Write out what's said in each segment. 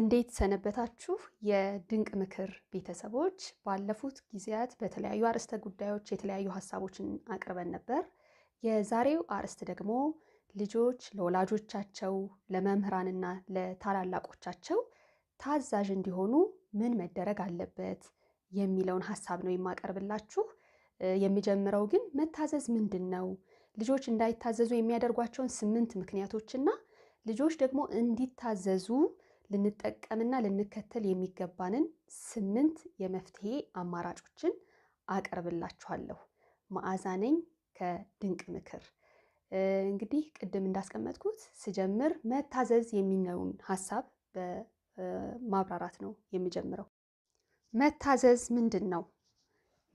እንዴት ሰነበታችሁ የድንቅ ምክር ቤተሰቦች? ባለፉት ጊዜያት በተለያዩ አርዕስተ ጉዳዮች የተለያዩ ሀሳቦችን አቅርበን ነበር። የዛሬው አርዕስት ደግሞ ልጆች ለወላጆቻቸው ለመምህራንና ለታላላቆቻቸው ታዛዥ እንዲሆኑ ምን መደረግ አለበት የሚለውን ሀሳብ ነው የማቀርብላችሁ። የሚጀምረው ግን መታዘዝ ምንድን ነው፣ ልጆች እንዳይታዘዙ የሚያደርጓቸውን ስምንት ምክንያቶችና ልጆች ደግሞ እንዲታዘዙ ልንጠቀምና ልንከተል የሚገባንን ስምንት የመፍትሄ አማራጮችን አቀርብላችኋለሁ። መዓዛ ነኝ ከድንቅ ምክር። እንግዲህ ቅድም እንዳስቀመጥኩት ስጀምር መታዘዝ የሚነውን ሀሳብ በማብራራት ነው የምጀምረው። መታዘዝ ምንድን ነው?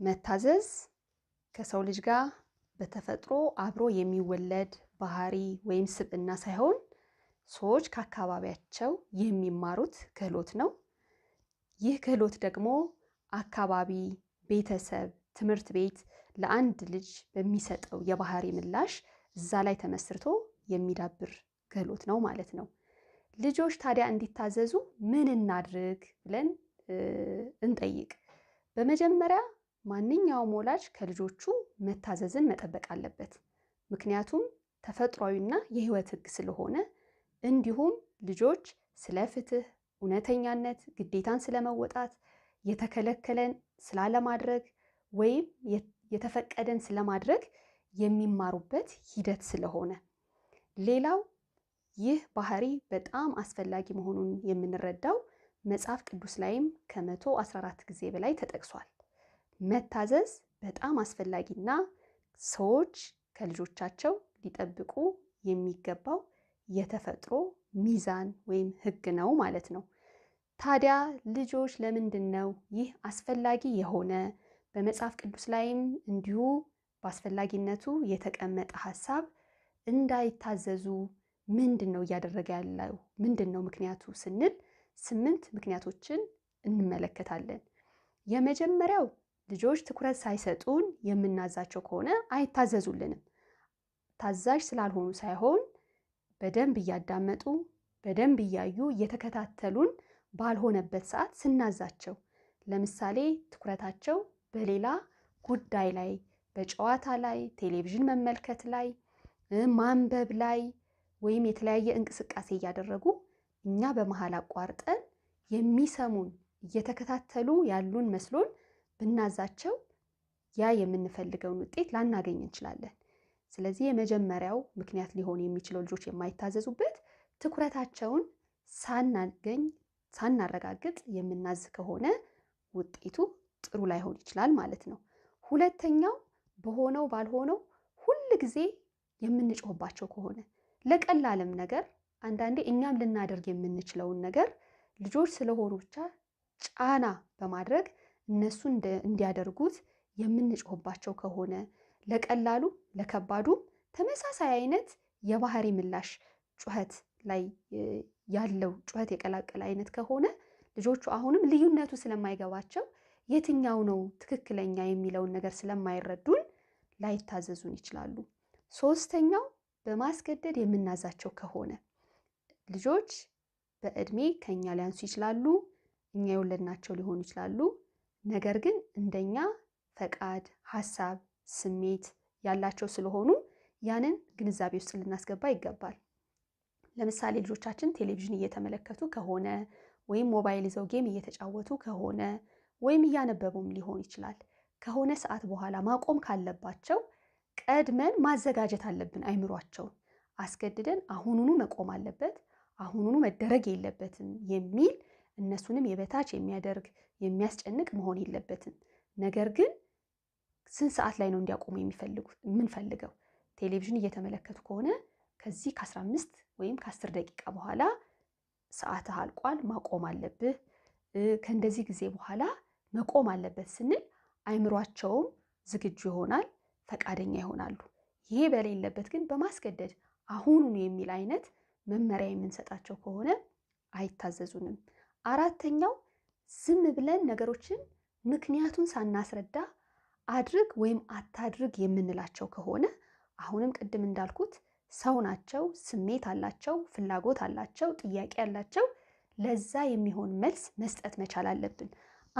መታዘዝ ከሰው ልጅ ጋር በተፈጥሮ አብሮ የሚወለድ ባህሪ ወይም ስብዕና ሳይሆን ሰዎች ከአካባቢያቸው የሚማሩት ክህሎት ነው። ይህ ክህሎት ደግሞ አካባቢ፣ ቤተሰብ፣ ትምህርት ቤት ለአንድ ልጅ በሚሰጠው የባህሪ ምላሽ እዛ ላይ ተመስርቶ የሚዳብር ክህሎት ነው ማለት ነው። ልጆች ታዲያ እንዲታዘዙ ምን እናድርግ ብለን እንጠይቅ። በመጀመሪያ ማንኛውም ወላጅ ከልጆቹ መታዘዝን መጠበቅ አለበት። ምክንያቱም ተፈጥሯዊና የህይወት ህግ ስለሆነ እንዲሁም ልጆች ስለ ፍትህ፣ እውነተኛነት፣ ግዴታን ስለመወጣት፣ የተከለከለን ስላለማድረግ ወይም የተፈቀደን ስለማድረግ የሚማሩበት ሂደት ስለሆነ ሌላው ይህ ባህሪ በጣም አስፈላጊ መሆኑን የምንረዳው መጽሐፍ ቅዱስ ላይም ከመቶ 14 አራት ጊዜ በላይ ተጠቅሷል። መታዘዝ በጣም አስፈላጊና ሰዎች ከልጆቻቸው ሊጠብቁ የሚገባው የተፈጥሮ ሚዛን ወይም ህግ ነው ማለት ነው። ታዲያ ልጆች ለምንድን ነው ይህ አስፈላጊ የሆነ በመጽሐፍ ቅዱስ ላይም እንዲሁ በአስፈላጊነቱ የተቀመጠ ሀሳብ እንዳይታዘዙ ምንድን ነው እያደረገ ያለው ምንድን ነው ምክንያቱ ስንል ስምንት ምክንያቶችን እንመለከታለን። የመጀመሪያው ልጆች ትኩረት ሳይሰጡን የምናዛቸው ከሆነ አይታዘዙልንም። ታዛዥ ስላልሆኑ ሳይሆን በደንብ እያዳመጡ በደንብ እያዩ እየተከታተሉን ባልሆነበት ሰዓት ስናዛቸው፣ ለምሳሌ ትኩረታቸው በሌላ ጉዳይ ላይ በጨዋታ ላይ፣ ቴሌቪዥን መመልከት ላይ፣ ማንበብ ላይ ወይም የተለያየ እንቅስቃሴ እያደረጉ እኛ በመሀል አቋርጠን የሚሰሙን እየተከታተሉ ያሉን መስሎን ብናዛቸው ያ የምንፈልገውን ውጤት ላናገኝ እንችላለን። ስለዚህ የመጀመሪያው ምክንያት ሊሆን የሚችለው ልጆች የማይታዘዙበት ትኩረታቸውን ሳናገኝ ሳናረጋግጥ የምናዝ ከሆነ ውጤቱ ጥሩ ላይሆን ይችላል ማለት ነው። ሁለተኛው በሆነው ባልሆነው ሁል ጊዜ የምንጮህባቸው ከሆነ ለቀላልም ነገር አንዳንዴ እኛም ልናደርግ የምንችለውን ነገር ልጆች ስለሆኑ ብቻ ጫና በማድረግ እነሱ እንዲያደርጉት የምንጮህባቸው ከሆነ ለቀላሉ ለከባዱ ተመሳሳይ አይነት የባህሪ ምላሽ ጩኸት ላይ ያለው ጩኸት የቀላቀለ አይነት ከሆነ ልጆቹ አሁንም ልዩነቱ ስለማይገባቸው የትኛው ነው ትክክለኛ የሚለውን ነገር ስለማይረዱን ላይታዘዙን ይችላሉ። ሶስተኛው በማስገደድ የምናዛቸው ከሆነ ልጆች በእድሜ ከኛ ሊያንሱ ይችላሉ፣ እኛ የወለድናቸው ሊሆኑ ይችላሉ። ነገር ግን እንደኛ ፈቃድ፣ ሀሳብ ስሜት ያላቸው ስለሆኑ ያንን ግንዛቤ ውስጥ ልናስገባ ይገባል። ለምሳሌ ልጆቻችን ቴሌቪዥን እየተመለከቱ ከሆነ ወይም ሞባይል ይዘው ጌም እየተጫወቱ ከሆነ ወይም እያነበቡም ሊሆን ይችላል። ከሆነ ሰዓት በኋላ ማቆም ካለባቸው ቀድመን ማዘጋጀት አለብን። አይምሯቸውን አስገድደን አሁኑኑ መቆም አለበት፣ አሁኑኑ መደረግ የለበትም የሚል እነሱንም የበታች የሚያደርግ የሚያስጨንቅ መሆን የለበትም ነገር ግን ስንት ሰዓት ላይ ነው እንዲያቆሙ የሚፈልጉት? የምንፈልገው ቴሌቪዥን እየተመለከቱ ከሆነ ከዚህ ከ15 ወይም ከ10 ደቂቃ በኋላ ሰዓትህ አልቋል፣ ማቆም አለብህ፣ ከእንደዚህ ጊዜ በኋላ መቆም አለበት ስንል አይምሯቸውም ዝግጁ ይሆናል፣ ፈቃደኛ ይሆናሉ። ይሄ በሌለበት ግን በማስገደድ አሁኑኑ የሚል አይነት መመሪያ የምንሰጣቸው ከሆነ አይታዘዙንም። አራተኛው ዝም ብለን ነገሮችን ምክንያቱን ሳናስረዳ አድርግ ወይም አታድርግ የምንላቸው ከሆነ አሁንም ቅድም እንዳልኩት ሰው ናቸው፣ ስሜት አላቸው፣ ፍላጎት አላቸው፣ ጥያቄ አላቸው። ለዛ የሚሆን መልስ መስጠት መቻል አለብን።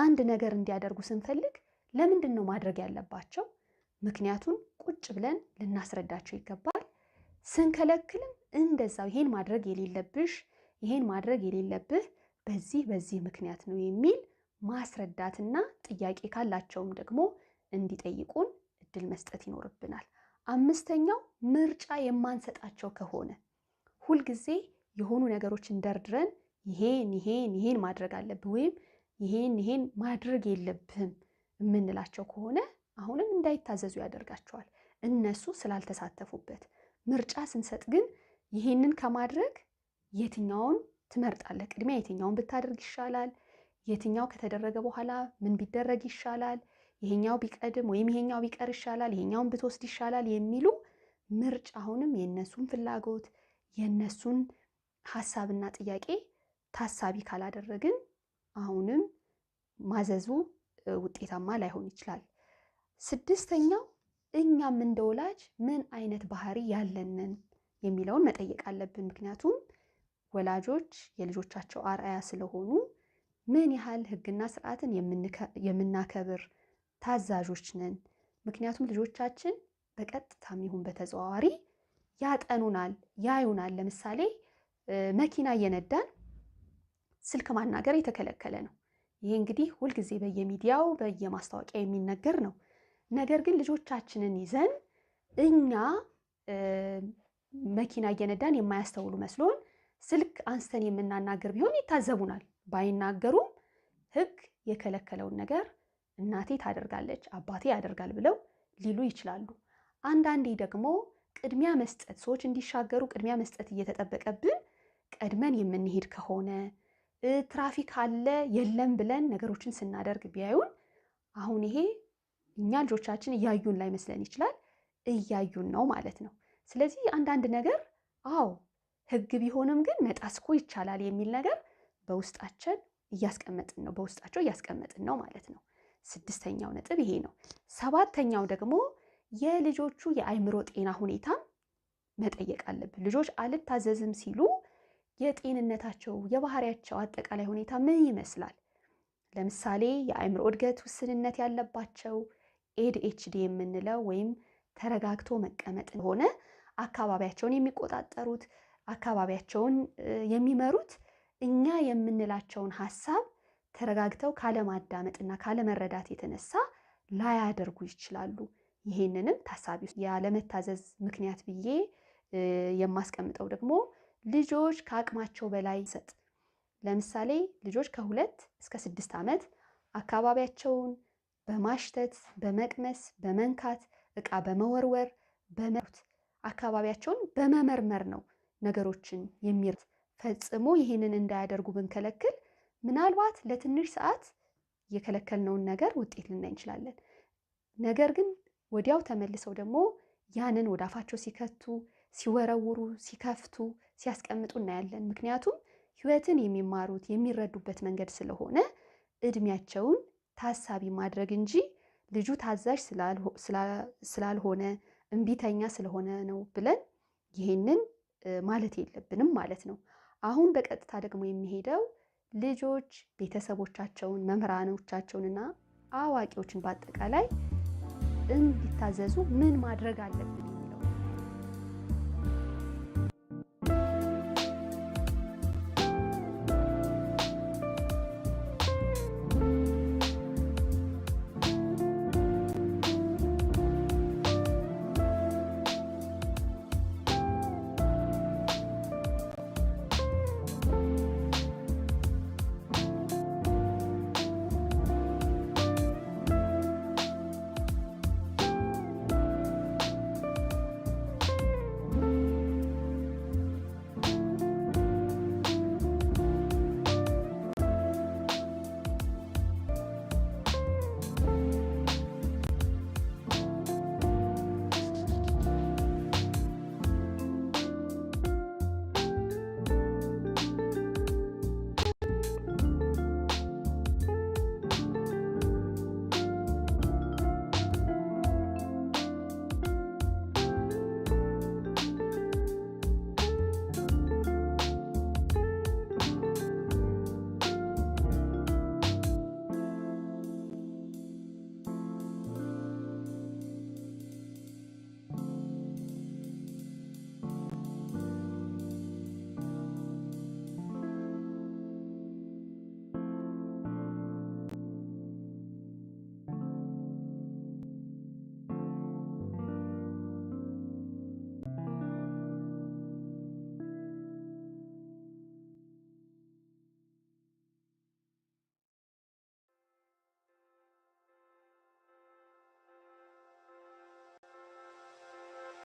አንድ ነገር እንዲያደርጉ ስንፈልግ ለምንድን ነው ማድረግ ያለባቸው? ምክንያቱን ቁጭ ብለን ልናስረዳቸው ይገባል። ስንከለክልም እንደዛው ይሄን ማድረግ የሌለብሽ ይሄን ማድረግ የሌለብህ በዚህ በዚህ ምክንያት ነው የሚል ማስረዳትና ጥያቄ ካላቸውም ደግሞ እንዲጠይቁን እድል መስጠት ይኖርብናል። አምስተኛው ምርጫ የማንሰጣቸው ከሆነ ሁልጊዜ የሆኑ ነገሮችን ደርድረን ይሄን ይሄን ይሄን ማድረግ አለብህ ወይም ይሄን ይሄን ማድረግ የለብህም የምንላቸው ከሆነ አሁንም እንዳይታዘዙ ያደርጋቸዋል፣ እነሱ ስላልተሳተፉበት። ምርጫ ስንሰጥ ግን ይሄንን ከማድረግ የትኛውን ትመርጣለህ? ቅድሚያ የትኛውን ብታደርግ ይሻላል? የትኛው ከተደረገ በኋላ ምን ቢደረግ ይሻላል? ይሄኛው ቢቀድም ወይም ይሄኛው ቢቀር ይሻላል፣ ይሄኛውን ብትወስድ ይሻላል የሚሉ ምርጫ አሁንም የእነሱን ፍላጎት የእነሱን ሀሳብና ጥያቄ ታሳቢ ካላደረግን አሁንም ማዘዙ ውጤታማ ላይሆን ይችላል። ስድስተኛው እኛም እንደ ወላጅ ምን አይነት ባህሪ ያለንን የሚለውን መጠየቅ አለብን። ምክንያቱም ወላጆች የልጆቻቸው አርአያ ስለሆኑ ምን ያህል ሕግና ስርዓትን የምናከብር ታዛዦች ነን። ምክንያቱም ልጆቻችን በቀጥታም ይሁን በተዘዋዋሪ ያጠኑናል፣ ያዩናል። ለምሳሌ መኪና እየነዳን ስልክ ማናገር የተከለከለ ነው። ይህ እንግዲህ ሁልጊዜ በየሚዲያው በየማስታወቂያ የሚነገር ነው። ነገር ግን ልጆቻችንን ይዘን እኛ መኪና እየነዳን የማያስተውሉ መስሎን ስልክ አንስተን የምናናገር ቢሆን ይታዘቡናል። ባይናገሩም ሕግ የከለከለውን ነገር እናቴ ታደርጋለች፣ አባቴ ያደርጋል ብለው ሊሉ ይችላሉ። አንዳንዴ ደግሞ ቅድሚያ መስጠት ሰዎች እንዲሻገሩ ቅድሚያ መስጠት እየተጠበቀብን ቀድመን የምንሄድ ከሆነ ትራፊክ አለ የለም ብለን ነገሮችን ስናደርግ ቢያዩን፣ አሁን ይሄ እኛ ልጆቻችን እያዩን ላይ መስለን ይችላል፣ እያዩን ነው ማለት ነው። ስለዚህ አንዳንድ ነገር አዎ ህግ ቢሆንም ግን መጣስ እኮ ይቻላል የሚል ነገር በውስጣችን እያስቀመጥን ነው በውስጣቸው እያስቀመጥን ነው ማለት ነው። ስድስተኛው ነጥብ ይሄ ነው። ሰባተኛው ደግሞ የልጆቹ የአእምሮ ጤና ሁኔታ መጠየቅ አለብን። ልጆች አልታዘዝም ሲሉ የጤንነታቸው የባህሪያቸው አጠቃላይ ሁኔታ ምን ይመስላል? ለምሳሌ የአእምሮ እድገት ውስንነት ያለባቸው ኤድኤችዲ የምንለው ወይም ተረጋግቶ መቀመጥ ሆነ አካባቢያቸውን የሚቆጣጠሩት አካባቢያቸውን የሚመሩት እኛ የምንላቸውን ሀሳብ ተረጋግተው ካለማዳመጥና ካለመረዳት የተነሳ ላያደርጉ ይችላሉ። ይሄንንም ታሳቢ ያለመታዘዝ ምክንያት ብዬ የማስቀምጠው ደግሞ ልጆች ከአቅማቸው በላይ ሰጥ ለምሳሌ ልጆች ከሁለት እስከ ስድስት ዓመት አካባቢያቸውን በማሽተት በመቅመስ፣ በመንካት፣ እቃ በመወርወር በመት አካባቢያቸውን በመመርመር ነው ነገሮችን የሚር ፈጽሞ ይህንን እንዳያደርጉ ብንከለክል ምናልባት ለትንሽ ሰዓት የከለከልነውን ነገር ውጤት ልናይ እንችላለን። ነገር ግን ወዲያው ተመልሰው ደግሞ ያንን ወደ አፋቸው ሲከቱ፣ ሲወረውሩ፣ ሲከፍቱ፣ ሲያስቀምጡ እናያለን። ምክንያቱም ህይወትን የሚማሩት የሚረዱበት መንገድ ስለሆነ እድሜያቸውን ታሳቢ ማድረግ እንጂ ልጁ ታዛዥ ስላልሆነ እምቢተኛ ስለሆነ ነው ብለን ይሄንን ማለት የለብንም ማለት ነው። አሁን በቀጥታ ደግሞ የሚሄደው ልጆች ቤተሰቦቻቸውን፣ መምህራኖቻቸውንና አዋቂዎችን በአጠቃላይ እንዲታዘዙ ምን ማድረግ አለብን?